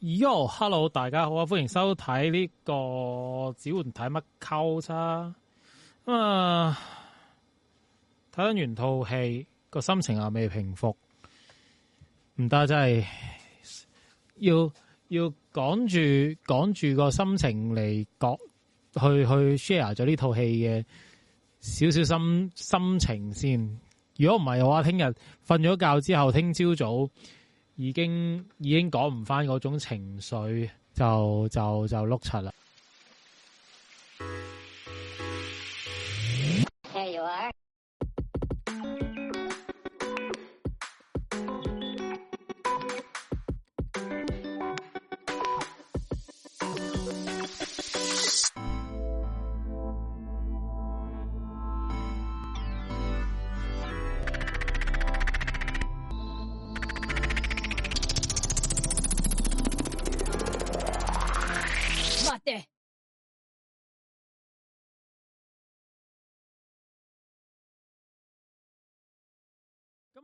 Yo，hello，大家好啊！歡迎收睇呢、這個《只煥睇乜溝》差咁啊！睇、嗯、完套戲個心情啊未平復，唔得真係要要趕住趕住個心情嚟講，去去 share 咗呢套戲嘅少少心心情先。如果唔係嘅話，聽日瞓咗覺之後，聽朝早。已經已經講唔翻嗰種情緒，就就就碌柒啦。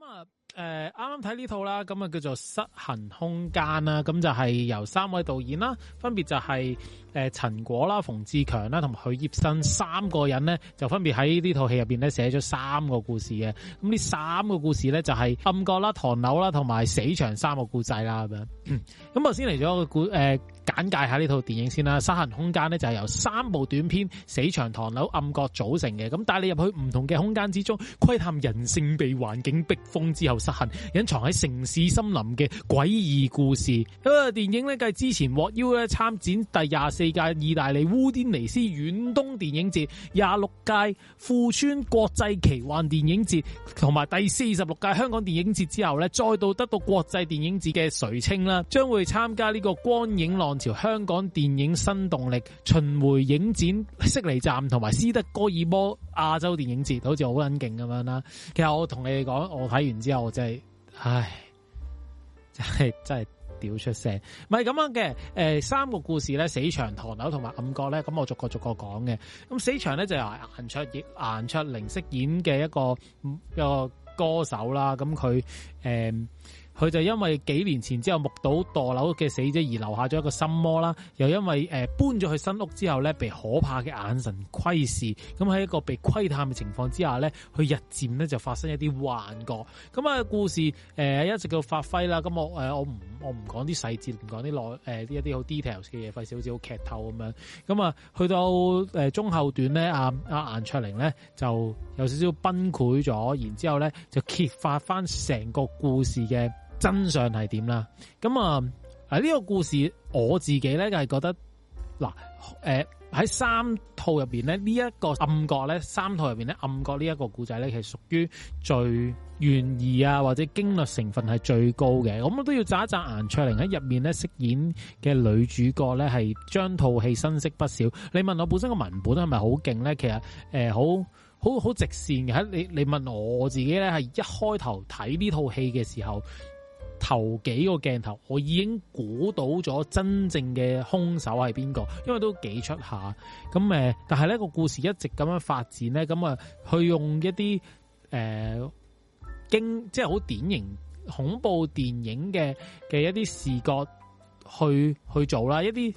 誒、呃，啱啱睇呢套啦，咁啊叫做《失衡空間》啦，咁就係由三位導演啦，分別就係、是、誒、呃、陳果啦、馮志強啦、同埋許業生三個人咧，就分別喺呢套戲入邊咧寫咗三個故事嘅，咁呢三個故事咧就係、是、暗角啦、唐樓啦，同埋死場三個故仔啦咁樣，咁先嚟咗個故誒。呃簡介下呢套電影先啦，《失衡空間》呢，就係由三部短片《死場唐樓暗角》組成嘅，咁帶你入去唔同嘅空間之中，窺探人性被環境逼瘋之後失衡，隱藏喺城市森林嘅詭異故事。呢個，電影呢，繼之前獲邀咧參展第廿四屆意大利烏甸尼斯遠東電影節、廿六屆富川國際奇幻電影節同埋第四十六屆香港電影節之後呢，再度得到國際電影節嘅垂青啦，將會參加呢個光影浪朝香港電影新動力巡回影展悉尼站同埋斯德哥爾摩亞洲電影節，好似好撚勁咁樣啦。其實我同你講，我睇完之後，我真係，唉，真係真係屌出聲。唔係咁樣嘅，誒、呃，三個故事咧，死場、唐樓同埋暗角咧，咁我逐個逐個講嘅。咁死場咧就係顏卓意、顏卓靈飾演嘅一個一個歌手啦。咁佢誒。呃佢就因為幾年前之後目睹墮樓嘅死者而留下咗一個心魔啦，又因為誒、呃、搬咗去新屋之後咧，被可怕嘅眼神窺視，咁喺一個被窺探嘅情況之下咧，佢日漸咧就發生一啲幻覺，咁啊故事誒、呃、一直叫發揮啦，咁我誒、呃、我唔我唔講啲細節，唔講啲內誒一啲好 details 嘅嘢，費事少少劇透咁樣，咁啊去到誒、呃、中後段咧，阿、啊、阿、啊、顏卓玲咧就有少少崩潰咗，然之後咧就揭發翻成個故事嘅。真相係點啦？咁啊，喺、這、呢個故事我自己咧，就係覺得嗱，誒喺、呃、三套入邊咧，呢、這、一個暗角咧，三套入邊咧暗角呢一個故仔咧，係屬於最懸疑啊，或者驚略成分係最高嘅。咁我都要贊一贊顏卓靈喺入面咧飾演嘅女主角咧，係將套戲生色不少。你問我本身個文本係咪好勁咧？其實誒，好好好直綫嘅。你你問我自己咧，係一開頭睇呢套戲嘅時候。頭幾個鏡頭我已經估到咗真正嘅兇手係邊個，因為都幾出下。咁誒，但係呢個故事一直咁樣發展呢，咁啊去用一啲誒、呃、驚、即係好典型恐怖電影嘅嘅一啲視覺去去做啦，一啲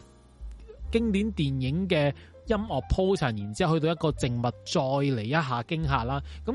經典電影嘅音樂鋪陳，然之後去到一個靜物再嚟一下驚嚇啦，咁。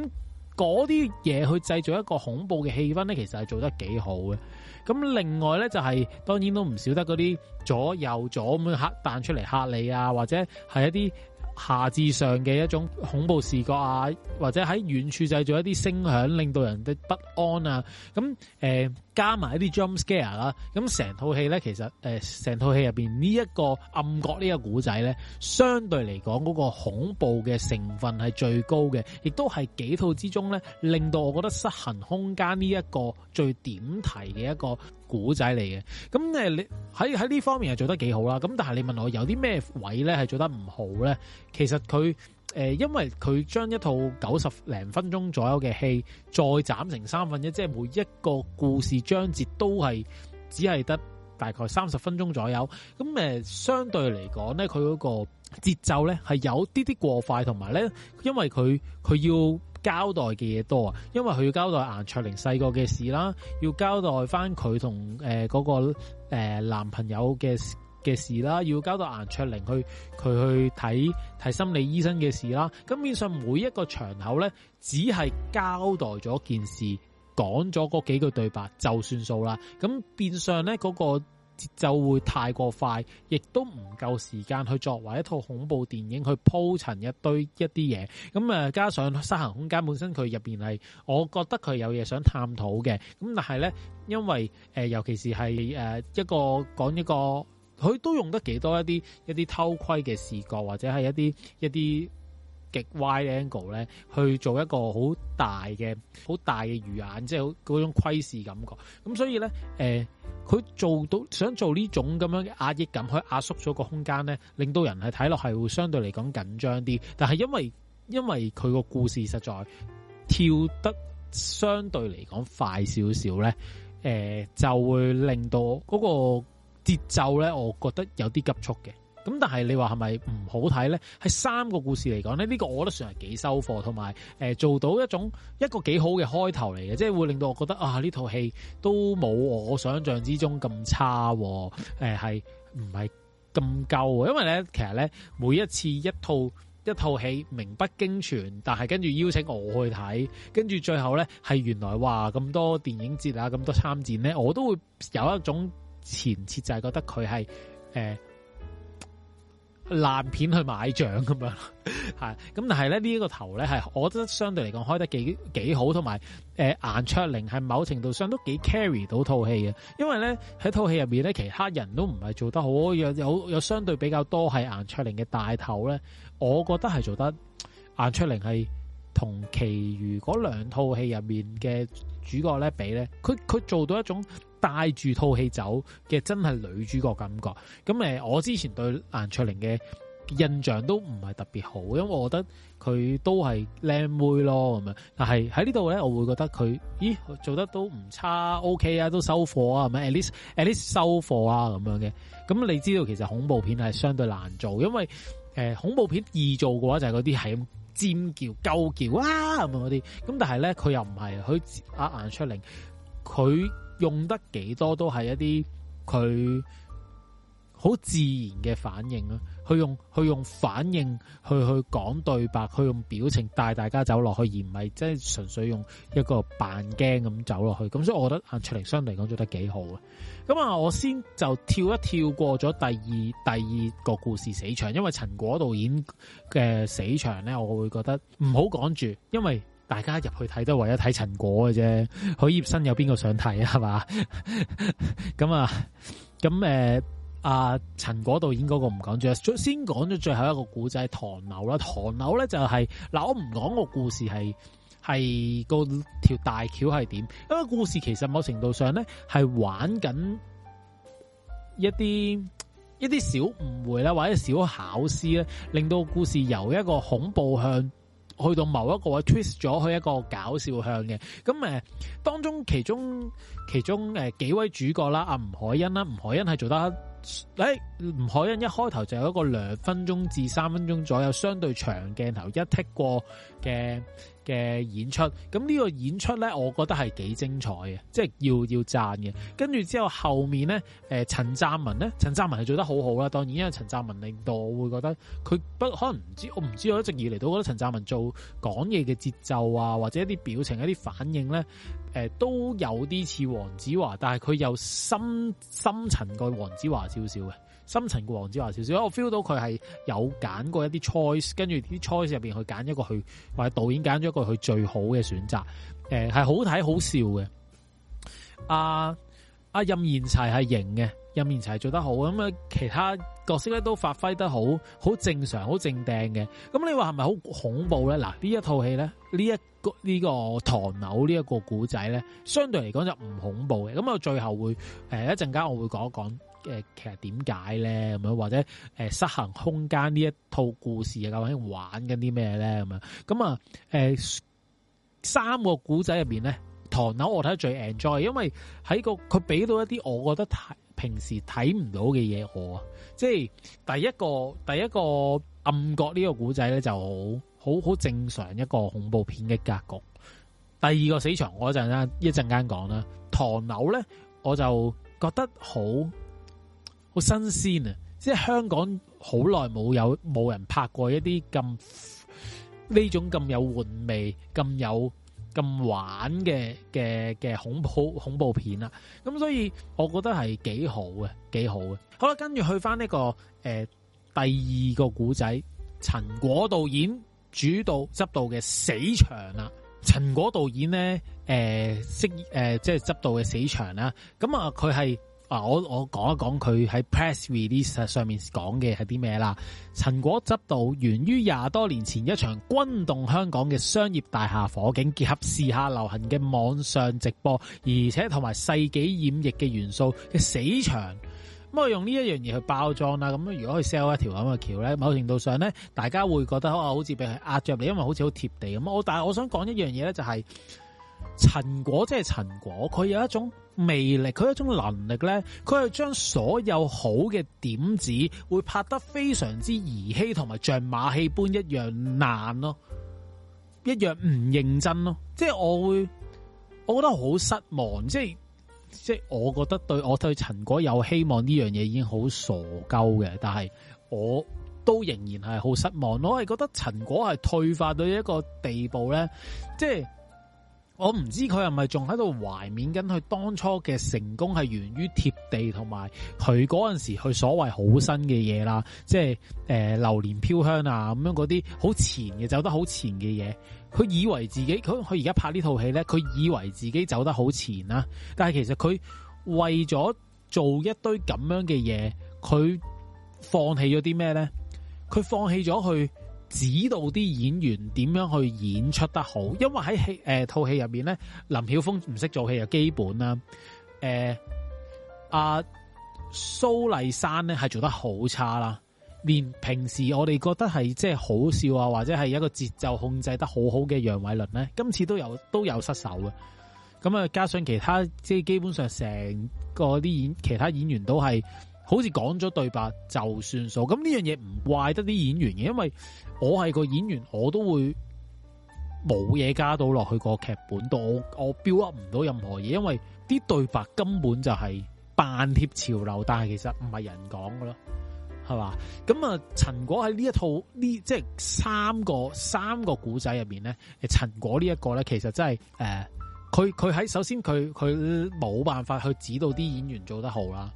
嗰啲嘢去製造一個恐怖嘅氣氛咧，其實係做得幾好嘅。咁另外咧，就係、是、當然都唔少得嗰啲左右左咁樣黑彈出嚟吓你啊，或者係一啲。下至上嘅一種恐怖視覺啊，或者喺遠處製造一啲聲響，令到人哋不安啊。咁誒、呃，加埋一啲 jump scare 啦、啊。咁成套戲咧，其實誒、成、呃、套戲入邊呢一個暗角個故呢個古仔咧，相對嚟講嗰個恐怖嘅成分係最高嘅，亦都係幾套之中咧，令到我覺得失衡空間呢一個最點題嘅一個。古仔嚟嘅，咁你喺喺呢方面係做得幾好啦，咁但係你問我有啲咩位咧係做得唔好咧？其實佢、呃、因為佢將一套九十零分鐘左右嘅戲再斬成三分一，即係每一個故事章節都係只係得大概三十分鐘左右，咁誒、呃，相對嚟講咧，佢嗰個節奏咧係有啲啲過快，同埋咧，因為佢佢要。交代嘅嘢多啊，因為佢要交代顏卓靈細個嘅事啦，要交代翻佢同誒嗰個誒男朋友嘅嘅事啦，要交代顏卓靈去佢去睇睇心理醫生嘅事啦，咁變相每一個場口咧，只係交代咗件事，講咗嗰幾句對白就算數啦，咁變相咧嗰個。就會太過快，亦都唔夠時間去作為一套恐怖電影去鋪陳一堆一啲嘢。咁誒，加上《失行空間》本身佢入邊係，我覺得佢有嘢想探討嘅。咁但係呢，因為誒、呃，尤其是係誒一個講一個，佢都用得幾多一啲一啲偷窺嘅視覺，或者係一啲一啲。極 wide angle 咧，去做一個好大嘅、好大嘅魚眼，即係嗰種窺視感覺。咁所以咧，誒、呃，佢做到想做呢種咁樣嘅壓抑感，去壓縮咗個空間咧，令到人係睇落係會相對嚟講緊張啲。但係因為因為佢個故事實在跳得相對嚟講快少少咧，誒、呃，就會令到個節奏咧，我覺得有啲急促嘅。咁但係你話係咪唔好睇呢？係三個故事嚟講呢，呢個我覺得算係幾收貨，同埋誒做到一種一個幾好嘅開頭嚟嘅，即係會令到我覺得啊呢套戲都冇我想象之中咁差，啊，誒係唔係咁夠，啊。因為呢，其實呢，每一次一套一套戲名不經傳，但係跟住邀請我去睇，跟住最後呢係原來話咁多電影節啊咁多參戰呢，我都會有一種前設就係覺得佢係誒。呃爛片去買獎咁樣，係 咁，但係咧呢一、這個頭咧係，我覺得相對嚟講開得幾幾好，同埋誒，顏、呃、卓靈係某程度上都幾 carry 到套戲嘅，因為咧喺套戲入邊咧，其他人都唔係做得好，有有有相對比較多係顏卓靈嘅大頭咧，我覺得係做得顏卓靈係同其餘嗰兩套戲入面嘅主角咧比咧，佢佢做到一種。帶住套戲走嘅真係女主角感覺，咁誒，我之前對顏卓靈嘅印象都唔係特別好，因為我覺得佢都係靚妹咯咁樣。但係喺呢度咧，我會覺得佢，咦，做得都唔差，OK 啊，都收貨啊，係咪？At least，At least 收貨啊咁樣嘅。咁你知道其實恐怖片係相對難做，因為誒、呃、恐怖片易做嘅話就係嗰啲係咁尖叫、鳩叫啊咁嗰啲。咁但係咧佢又唔係，佢啊顏卓靈佢。用得幾多都係一啲佢好自然嘅反應啊。佢用去用反應去去講對白，佢用表情帶大家走落去，而唔係即係純粹用一個扮驚咁走落去。咁所以我覺得阿卓玲相對嚟講做得幾好啊。咁啊，我先就跳一跳過咗第二第二個故事死場，因為陳果導演嘅死場咧，我會覺得唔好講住，因為。大家入去睇都為咗睇陳果嘅啫，許業生有邊個想睇係嘛？咁、 嗯嗯呃、啊，咁誒，阿陳果導演嗰個唔講住，先講咗最後一個古仔《唐樓》啦，《唐樓》咧就係、是、嗱，我唔講個故事係係個條大橋係點，因為故事其實某程度上咧係玩緊一啲一啲小誤會啦，或者小巧思咧，令到故事由一個恐怖向。去到某一個位 twist 咗佢一個搞笑向嘅，咁、呃、當中其中其中、呃、幾位主角啦，阿、啊、吳海欣啦，吳海欣係做得，誒、哎、吳海欣一開頭就有一個兩分鐘至三分鐘左右相對長鏡頭一剔過嘅。嘅演出，咁呢個演出咧，我覺得係幾精彩嘅，即係要要讚嘅。跟住之後後面咧，誒陳湛文咧，陳湛文係做得好好啦。當然，因為陳湛文令到我會覺得佢不可能唔知我唔知我一直以嚟都覺得陳湛文做講嘢嘅節奏啊，或者一啲表情一啲反應咧，誒、呃、都有啲似黃子華，但係佢又深深沉過黃子華少少嘅。深情過黃子華少少，我 feel 到佢係有揀過一啲 choice，跟住啲 choice 入邊去揀一個佢，或者導演揀咗一個佢最好嘅選擇。誒、呃，係好睇、好笑嘅。阿阿任賢齊係型嘅，任賢齊做得好，咁啊其他角色咧都發揮得好好正常，好正定嘅。咁你話係咪好恐怖咧？嗱，呢一套戲咧，呢一呢個呢個、呢呢一呢個唐樓呢一個古仔咧，相對嚟講就唔恐怖嘅。咁我最後會誒、呃、一陣間我會講一講。誒，其實點解咧？咁樣或者誒、呃，失衡空間呢一套故事啊，究竟玩緊啲咩咧？咁樣咁啊，誒、呃，三個古仔入邊咧，唐樓我睇得最 enjoy，因為喺個佢俾到一啲我覺得睇平時睇唔到嘅嘢我啊，即係第一個第一個暗角呢個古仔咧就好好好正常一個恐怖片嘅格局。第二個死場我陣間一陣間講啦，唐樓咧我就覺得好。好新鮮啊！即係香港好耐冇有冇人拍過一啲咁呢種咁有玩味、咁有咁玩嘅嘅嘅恐怖恐怖片啦、啊。咁所以我覺得係幾好嘅，幾好嘅。好啦，跟住去翻呢、這個、呃、第二個古仔，陳果導演主導執導嘅《死場》啊啦。陳果導演咧、呃呃、即係執導嘅《死場》啦。咁啊，佢係。啊、我我講一講佢喺 press release 上面講嘅係啲咩啦？陳果執導源於廿多年前一場轟動香港嘅商業大廈火警，結合時下流行嘅網上直播，而且同埋世紀染疫嘅元素嘅死場。咁、嗯、我用呢一樣嘢去包裝啦。咁如果可以 sell 一條咁嘅橋呢，某程度上呢，大家會覺得好似被佢壓着，嚟，因為好似好貼地咁。我但係我想講一樣嘢呢，就係。陳果即係陳果，佢有一種魅力，佢有一種能力。呢佢係將所有好嘅點子會拍得非常之兒戲，同埋像馬戲般一樣爛咯，一樣唔認真咯。即係我會，我覺得好失望。即係即係，我覺得對我對陳果有希望呢樣嘢已經好傻鳩嘅，但係我都仍然係好失望。我係覺得陳果係退化到一個地步呢，即係。我唔知佢係咪仲喺度懷緬緊佢當初嘅成功係源於貼地，同埋佢嗰陣時佢所謂好新嘅嘢啦，即係誒《榴槤飄香》啊咁樣嗰啲好前嘅、走得好前嘅嘢。佢以為自己，佢佢而家拍呢套戲咧，佢以為自己走得好前啦。但係其實佢為咗做一堆咁樣嘅嘢，佢放棄咗啲咩咧？佢放棄咗去。指導啲演員點樣去演出得好，因為喺戲誒套戲入面咧，林曉峰唔識做戲就基本啦。誒、呃，阿蘇麗珊咧係做得好差啦。連平時我哋覺得係即係好笑啊，或者係一個節奏控制得好好嘅楊偉倫咧，今次都有都有失手嘅。咁啊，加上其他即係基本上成個啲演其他演員都係。好似講咗對白就算數，咁呢樣嘢唔怪得啲演員嘅，因為我係個演員，我都會冇嘢加到落去個劇本度，我我 build up 唔到任何嘢，因為啲對白根本就係扮貼潮流，但係其實唔係人講㗎。咯，係嘛？咁啊，陳果喺呢一套呢，即係三個三個古仔入面咧，陳果呢一個咧，其實真係誒，佢佢喺首先佢佢冇辦法去指導啲演員做得好啦。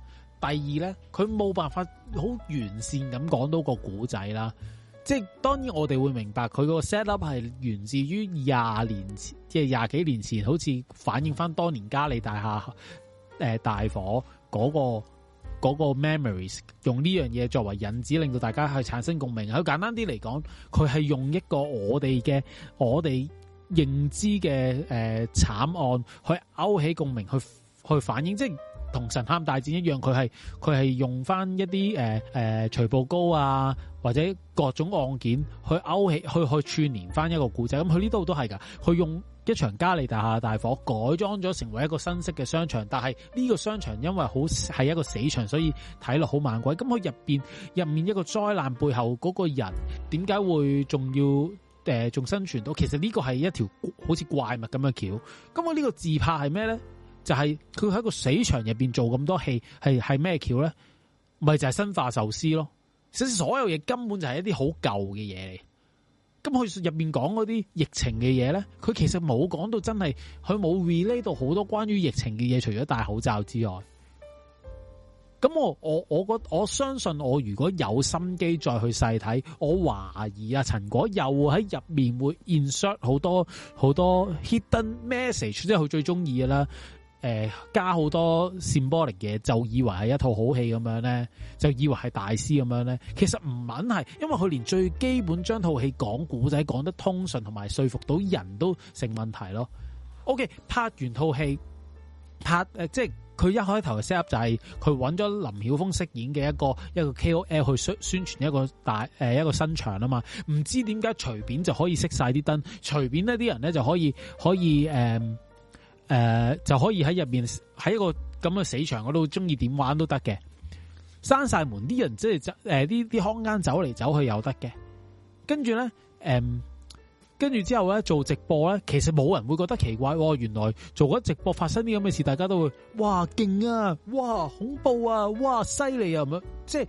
第二咧，佢冇辦法好完善咁講到個古仔啦。即係當然我哋會明白佢個 set up 係源自於廿年前，即係廿幾年前，好似反映翻當年嘉利大廈誒、呃、大火嗰、嗰個、嗰個 memories，用呢樣嘢作為引子，令到大家去產生共鳴。佢簡單啲嚟講，佢係用一個我哋嘅我哋認知嘅誒、呃、慘案去勾起共鳴，去去反映即係。同神探大戰一樣，佢係佢係用翻一啲誒誒徐步高啊，或者各種案件去勾起，去去串聯翻一個故仔。咁佢呢度都係噶，佢用一場嘉利大廈大火，改裝咗成為一個新式嘅商場，但係呢個商場因為好係一個死場，所以睇落好猛鬼。咁佢入面入面一個災難背後嗰個人點解會仲要誒仲、呃、生存到？其實呢個係一條好似怪物咁嘅橋。咁我呢個自拍係咩咧？就係佢喺個死場入邊做咁多戲，係係咩橋咧？咪就係、是、生化壽屍咯！即係所有嘢根本就係一啲好舊嘅嘢嚟。咁佢入面講嗰啲疫情嘅嘢咧，佢其實冇講到真係，佢冇 relate 到好多關於疫情嘅嘢，除咗戴口罩之外。咁我我我覺，我相信我如果有心機再去細睇，我懷疑啊陳果又喺入面會 insert 好多好多 hidden message，即係佢最中意嘅啦。誒、呃，加好多扇玻璃嘅，就以為係一套好戲咁樣咧，就以為係大師咁樣咧。其實唔穩係，因為佢連最基本將套戲講古仔講得通順，同埋說服到人都成問題咯。O.K. 拍完套戲，拍誒、呃，即係佢一開頭嘅 set up 就係佢揾咗林曉峰飾演嘅一個一個 K.O.L 去宣宣傳一個大誒、呃、一個新場啊嘛。唔知點解隨便就可以熄晒啲燈，隨便咧啲人咧就可以可以誒。呃誒、呃，就可以喺入邊喺一個咁嘅市場嗰度，中意點玩都得嘅。閂晒門，啲人即係誒，啲啲空間走嚟走去又得嘅。跟住咧，誒、呃，跟住之後咧做直播咧，其實冇人會覺得奇怪。原來做咗直播發生啲咁嘅事，大家都會哇勁啊，哇恐怖啊，哇犀利啊咁樣，即係。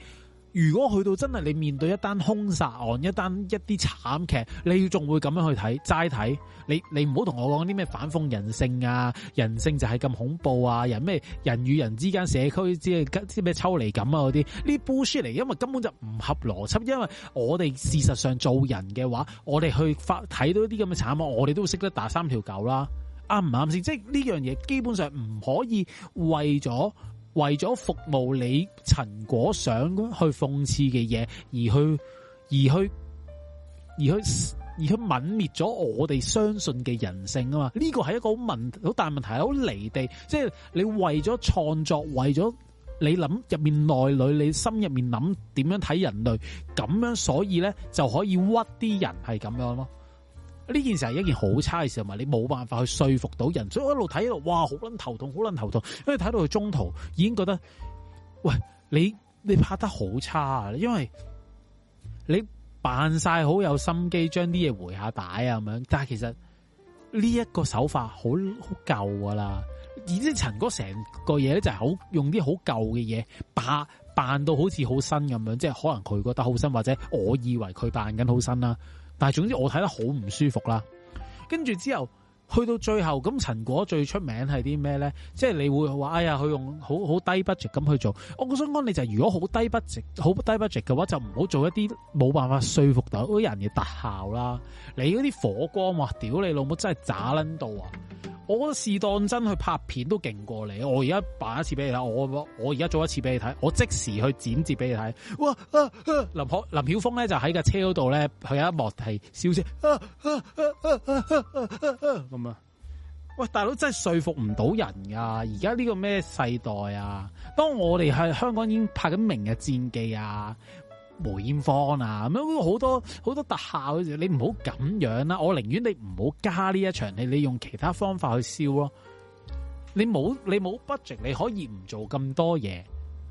如果去到真係你面對一單凶殺案，一單一啲慘劇，你仲會咁樣去睇齋睇？你你唔好同我講啲咩反諷人性啊，人性就係咁恐怖啊，人咩人與人之間社區即係咩抽離感啊嗰啲呢部書嚟，因為根本就唔合邏輯。因為我哋事實上做人嘅話，我哋去發睇到啲咁嘅慘案，我哋都識得打三條狗啦。啱唔啱先？即係呢樣嘢基本上唔可以為咗。為咗服務你陳果想去諷刺嘅嘢，而去而去而去而去泯滅咗我哋相信嘅人性啊嘛！呢個係一個好問好大問題，好離地。即係你為咗創作，為咗你諗入面內裏，你心入面諗點樣睇人類，咁樣所以咧就可以屈啲人係咁樣咯。呢件事係一件好差嘅事，同埋你冇辦法去說服到人，所以我一路睇一路，哇，好撚頭痛，好撚頭痛，因為睇到佢中途已經覺得，喂，你你拍得好差，因為你扮晒好有心機，將啲嘢回下帶啊咁樣，但係其實呢一個手法好好舊噶啦，而且陳哥成個嘢咧就係好用啲好舊嘅嘢扮扮到好似好新咁樣，即係可能佢覺得好新，或者我以為佢扮緊好新啦。但係總之我睇得好唔舒服啦，跟住之後。去到最後咁，陳果最出名係啲咩咧？即係你會話，哎呀，佢用好好低 budget 咁去做。我我想講，你就係如果好低 budget、好低 budget 嘅話，就唔好做一啲冇辦法說服到啲人嘅特效啦。你嗰啲火光話，屌你老母真係渣撚到啊！我試當真去拍片都勁過你。我而家扮一次俾你睇，我我而家做一次俾你睇，我即時去剪接俾你睇。哇！啊、林林曉峰咧就喺架車嗰度咧，佢有一幕係消失。啊啊啊啊啊咁啊！喂，大佬真係說服唔到人噶。而家呢個咩世代啊？當我哋係香港已經拍緊明日戰記啊，梅艷芳啊咁樣好多好多特效嘅時候，你唔好咁樣啦，啊。我寧願你唔好加呢一場戲，你你用其他方法去燒咯，啊。你冇你冇 budget，你可以唔做咁多嘢。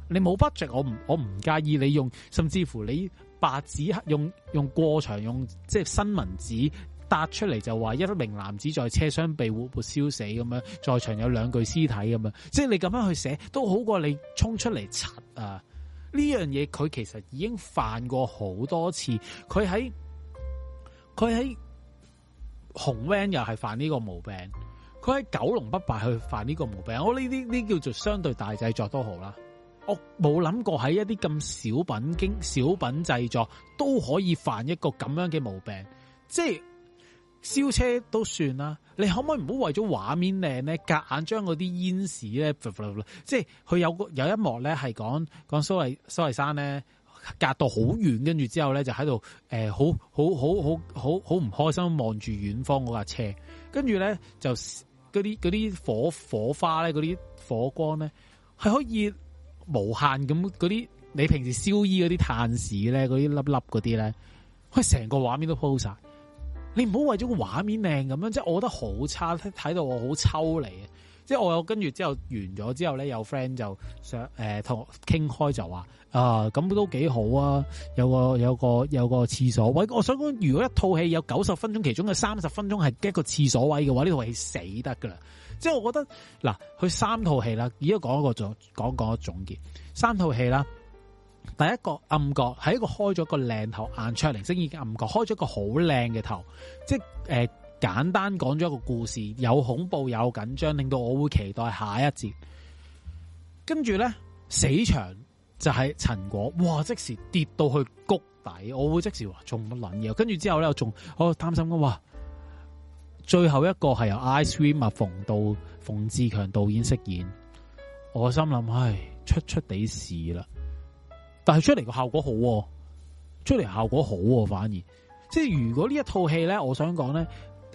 你冇 budget，我唔我唔介意你用，甚至乎你白紙用用過場，用即係新聞紙。答出嚟就話一名男子在車廂被活活燒死咁樣，在場有兩具屍體咁樣，即係你咁樣去寫都好過你衝出嚟擦啊！呢樣嘢佢其實已經犯過好多次，佢喺佢喺紅 van 又係犯呢個毛病，佢喺九龍不敗去犯呢個毛病。我呢啲呢叫做相對大製作都好啦，我冇諗過喺一啲咁小品經小品製作都可以犯一個咁樣嘅毛病，即係。燒車都算啦，你可唔可以唔好為咗畫面靚咧，夾硬將嗰啲煙屎咧，即係佢有個有一幕咧係講講蘇蘇偉山咧，隔到好遠，跟住之後咧就喺度誒好好好好好好唔開心望住遠方嗰架車，跟住咧就嗰啲嗰啲火火花咧，嗰啲火光咧係可以無限咁嗰啲你平時燒衣嗰啲炭屎咧，嗰啲粒粒嗰啲咧，可以成個畫面都鋪晒。你唔好為咗個畫面靚咁樣，即係我覺得好差，睇到我好抽離、呃、啊！即係我有跟住之後完咗之後咧，有 friend 就想誒同傾開就話啊，咁都幾好啊！有個有個有個廁所位，我想講如果一套戲有九十分鐘，其中嘅三十分鐘係一個廁所位嘅話，呢套戲死得噶啦！即係我覺得嗱，佢三套戲啦，而家講一個總講講總結三套戲啦。第一個暗角係一個開咗個靚頭，硬卓靈星已經暗角開咗個好靚嘅頭，即係誒、呃、簡單講咗一個故事，有恐怖有緊張，令到我會期待下一節。跟住咧死場就係、是、陳果，哇即時跌到去谷底，我會即時話仲乜捻嘢？跟住之後咧，我仲我擔心嘅話，最後一個係由 Ice Cream 馮導馮志強導演飾演，我心諗唉出出啲事啦。但係出嚟個效果好，哦，出嚟效果好喎，哦，反而即係如果呢一套戲咧，我想講咧，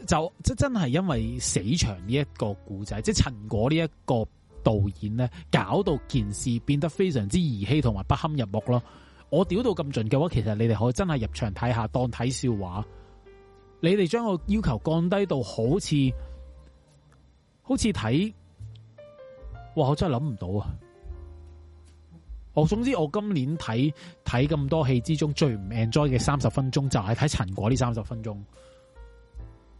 就即真係因為死場呢一個故仔，即係陳果呢一個導演咧，搞到件事變得非常之兒戲同埋不堪入目咯。我屌到咁盡嘅話，其實你哋可以真係入場睇下，當睇笑話。你哋將個要求降低到好似，好似睇，哇！我真係諗唔到啊！我總之，我今年睇睇咁多戲之中最唔 enjoy 嘅三十分鐘就係睇陳果呢三十分鐘，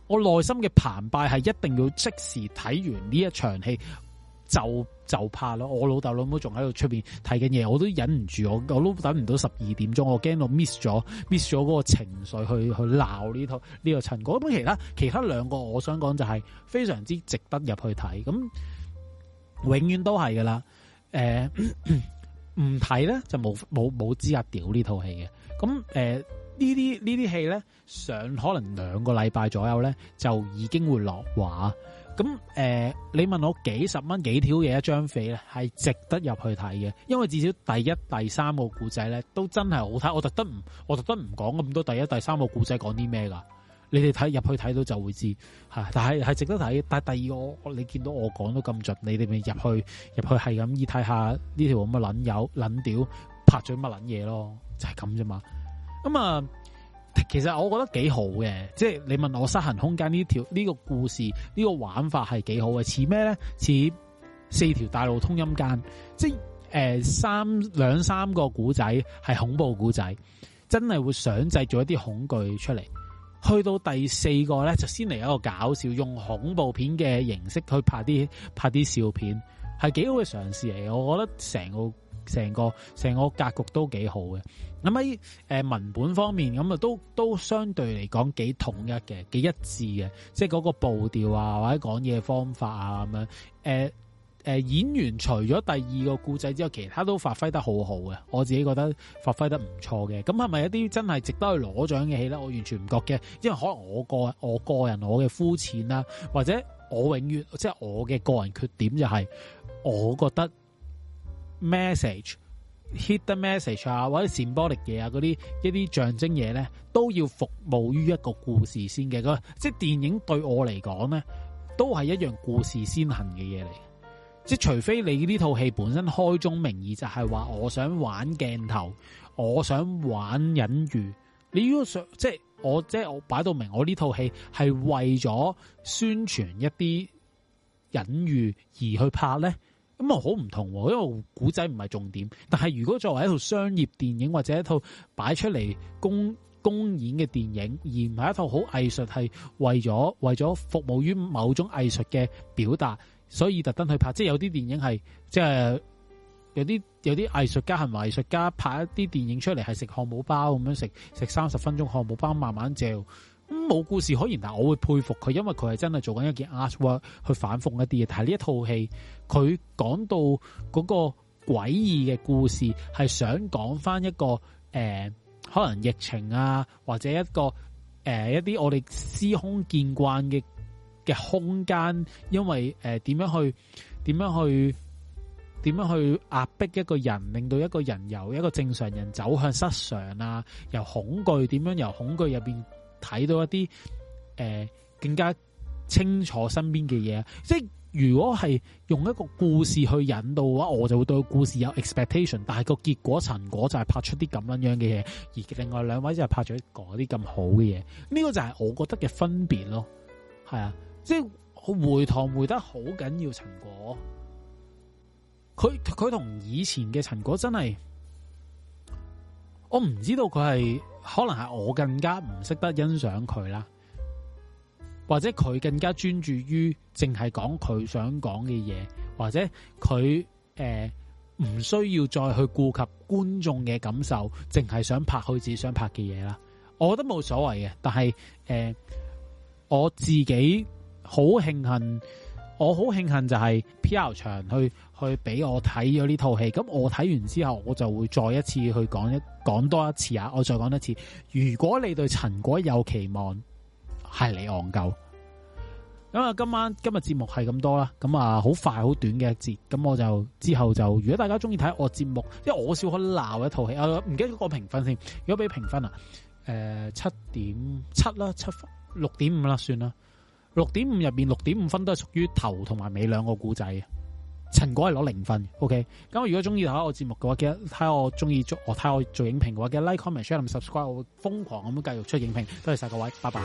我內心嘅澎湃係一定要即時睇完呢一場戲就就怕啦，我老豆老母仲喺度出邊睇緊嘢，我都忍唔住，我我都等唔到十二點鐘，我驚我 miss 咗 miss 咗嗰個情緒去去鬧呢套呢個陳果。咁其他其他兩個我想講就係非常之值得入去睇，咁永遠都係噶啦，誒、呃。 唔睇咧就冇冇冇資格屌、呃、呢套戲嘅。咁誒呢啲呢啲戲咧上，可能兩個禮拜左右咧就已經會落畫。咁誒、呃、你問我幾十蚊幾條嘢一張飛咧係值得入去睇嘅？因為至少第一、第三個故仔咧都真係好睇。我特登唔我特登唔講咁多。第一、第三個故仔講啲咩噶？你哋睇入去睇到就會知吓，但係係值得睇。但係第二個，你見到我講到咁盡，你哋咪入去入去係咁意睇下呢條咁嘅撚友、撚屌拍咗乜撚嘢咯？就係咁啫嘛。咁啊，其實我覺得幾好嘅，即係你問我《失衡空間》呢條呢個故事呢個玩法係幾好嘅，似咩咧？似四條大路通陰間，即係誒、呃、三兩三個古仔係恐怖古仔，真係會想製造一啲恐懼出嚟。去到第四個咧，就先嚟一個搞笑，用恐怖片嘅形式去拍啲拍啲笑片，係幾好嘅嘗試嚟。我覺得成個成個成個格局都幾好嘅。咁喺誒文本方面，咁、嗯、啊都都相對嚟講幾統一嘅，幾一致嘅，即係嗰個步調啊，或者講嘢方法啊咁樣誒。呃誒，演員除咗第二個故仔之外，其他都發揮得好好嘅。我自己覺得發揮得唔錯嘅。咁係咪一啲真係值得去攞獎嘅戲咧？我完全唔覺嘅，因為可能我個我個人我嘅膚淺啦、啊，或者我永遠即係、就是、我嘅個人缺點就係、是，我覺得 message hit the message 啊，或者 symbolic 嘢啊，嗰啲一啲象徵嘢咧，都要服務於一個故事先嘅。即係電影對我嚟講咧，都係一樣故事先行嘅嘢嚟。即除非你呢套戲本身開宗明義就係話我想玩鏡頭，我想玩隱喻。你如果想即係我即係我擺到明，我呢套戲係為咗宣傳一啲隱喻而去拍咧，咁啊好唔同。因為古仔唔係重點。但係如果作為一套商業電影或者一套擺出嚟公公演嘅電影，而唔係一套好藝術，係為咗為咗服務於某種藝術嘅表達。所以特登去拍，即係有啲電影係，即係有啲有啲藝術家，係藝術家拍一啲電影出嚟，係食漢堡包咁樣食，食三十分鐘漢堡包，慢慢嚼，咁、嗯、冇故事可言。但係我會佩服佢，因為佢係真係做緊一件 artwork，去反覆一啲嘢。但係呢一套戲，佢講到嗰個詭異嘅故事，係想講翻一個誒、呃，可能疫情啊，或者一個誒、呃、一啲我哋司空見慣嘅。嘅空間，因為誒點樣去點樣去點樣去壓迫一個人，令到一個人由一個正常人走向失常啊，由恐懼點樣由恐懼入邊睇到一啲誒更加清楚身邊嘅嘢。即係如果係用一個故事去引導嘅話，我就會對故事有 expectation，但係個結果成果就係拍出啲咁樣樣嘅嘢，而另外兩位就係拍咗嗰啲咁好嘅嘢。呢個就係我覺得嘅分別咯，係啊。即係回堂回得好緊要，陳果，佢，佢同以前嘅陳果真係，我唔知道佢係可能係我更加唔識得欣賞佢啦，或者佢更加專注於淨係講佢想講嘅嘢，或者佢誒唔需要再去顧及觀眾嘅感受，淨係想拍佢自己想拍嘅嘢啦。我覺得冇所謂嘅，但係誒、呃、我自己。好慶幸，我好慶幸就係 PR 場去去俾我睇咗呢套戲，咁我睇完之後，我就會再一次去講一講多一次啊！我再講一次，如果你對陳果有期望，係你戇鳩。咁啊，今晚今日節目係咁多啦，咁啊，好快好短嘅一節，咁我就之後就，如果大家中意睇我節目，因為我少可鬧一套戲啊，唔記得個評分先，如果俾評分啊，誒七點七啦，七六點五啦，算啦。六點五入面，六點五分都係屬於頭同埋尾兩個古仔。陳果係攞零分。OK，咁如果中意睇我的節目嘅話，記得睇我中意做我睇我做影評嘅話，記得 like comment share subscribe，我會瘋狂咁樣繼續出影評，多謝晒各位，拜拜。